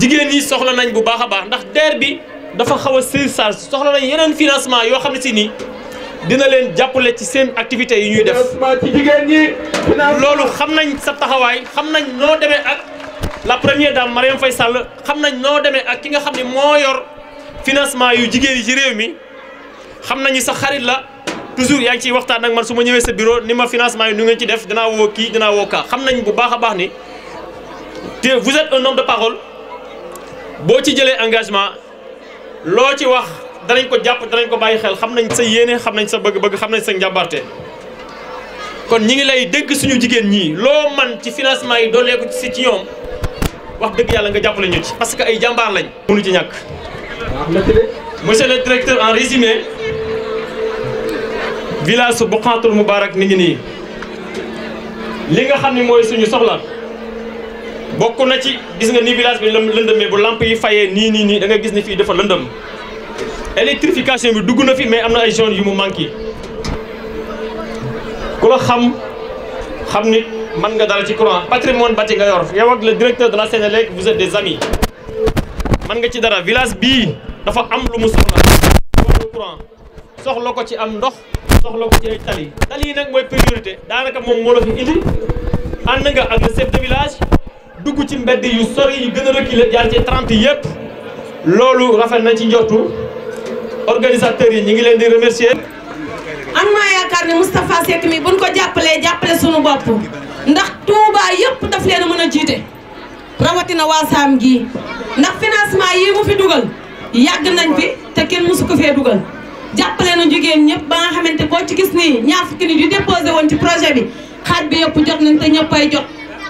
jigéen ñi soxla nañ bu baax a baax ndax DER bi dafa xaw a surcharge soxla nañ yeneen financement yoo xam ne si nii dina leen jàppale ci seen activités yi ñuy def ci jigéen ñi loolu xam nañ sa taxawaay xam nañ noo demee ak la première dame Marième fay Sall xam nañ noo demee ak ki nga xam ne moo yor financement yu jigéen yi ci réew mi xam nañu sa xarit la toujours yaa ngi ciy waxtaan ak man su ma ñëwee sa bureau ni ma financement yi nu ngeen ci def dinaa woo kii dinaa kaa xam nañ bu baax baax ni te vous de parole boo ci jëlee engagement loo ci wax danañ ko jàpp danañ ko bàyyi xel xam nañ sa yéene xam nañ sa bëgg-bëgg xam nañ sa njàmbarte kon ñi ngi lay dégg suñu jigéen ñi loo man ci financement yi doo si ci ci ñoom wax dëgg yàlla nga jàppale ñu ci parce que ay jàmbaar lañ mënu ci ñàkk monsieur le directeur en résumé village su Boukhatoul Moubarak mi ngi nii li nga xam ne mooy suñu soxla bokk na ci gis nga ni village bi lëndëmee bu lamp yi fayee nii nii nii da nga gis ne fii dafa lëndëm électrification bi dugg na fi mais am na ay zones yu mu manqué ku la xam xam ni mën nga dara ci courant patrimoine bâti nga yor yow ak le directeur de la Sénélec vous êtes des amis mën nga ci dara village bii dafa am lu mu soxla soxla ko ci am ndox soxla ko ci ay tali tali yi nag mooy priorité daanaka moom moo la fi indi ànd nga ak le chef de village dugg ci mbedd yu sori yu gëna a reculer jaar ci 30 yépp lolu rafet na ci njortu organisateur yi ñi ngi leen di remercier. am naa yaakar ni mustapha Seck mi buñ ko jappalé jappalé sunu bop ndax Touba yépp daf leen mëna jité rawati na wasam gi ndax financement yi mu fi duggal yag nañ fi te kenn musu ko fee duggal jappalé na jigeen ñepp ba nga xamanté boo ci gis ni ñaar fukki ni ñu déposé won ci projet bi xat bi yépp jot nañ te ay jot.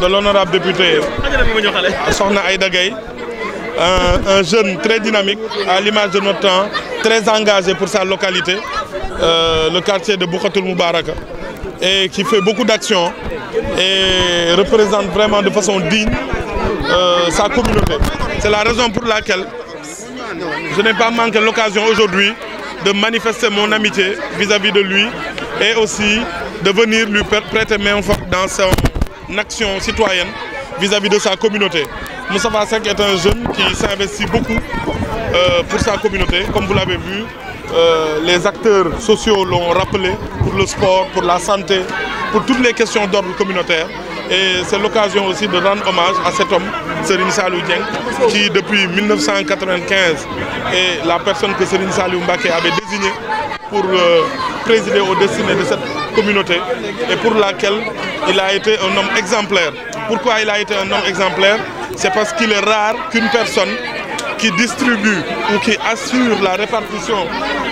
de l'honorable député Aïda un, jeune très dynamique, à l'image de notre temps, très engagé pour sa localité, euh, le quartier de Boukhatoul Moubaraka, et qui fait beaucoup d'actions et représente vraiment de façon digne euh, sa communauté. C'est la raison pour laquelle je n'ai pas manqué l'occasion aujourd'hui de manifester mon amitié vis-à-vis -vis de lui et aussi de venir lui prêter main forte dans son une action citoyenne vis-à-vis de sa communauté. Moussa Sek est un jeune qui s'investit beaucoup euh, pour sa communauté. Comme vous l'avez vu, euh, les acteurs sociaux l'ont rappelé pour le sport, pour la santé, pour toutes les questions d'ordre communautaire. Et c'est l'occasion aussi de rendre hommage à cet homme, Serine Salou qui depuis 1995 est la personne que Serine Salou Mbake avait désignée pour euh, Président au destiné de cette communauté et pour laquelle il a été un homme exemplaire. Pourquoi il a été un homme exemplaire C'est parce qu'il est rare qu'une personne qui distribue ou qui assure la répartition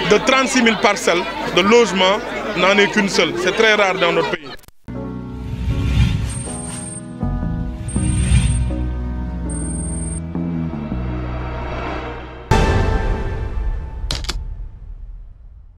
de 36 000 parcelles de logements n'en ait qu'une seule. C'est très rare dans notre pays.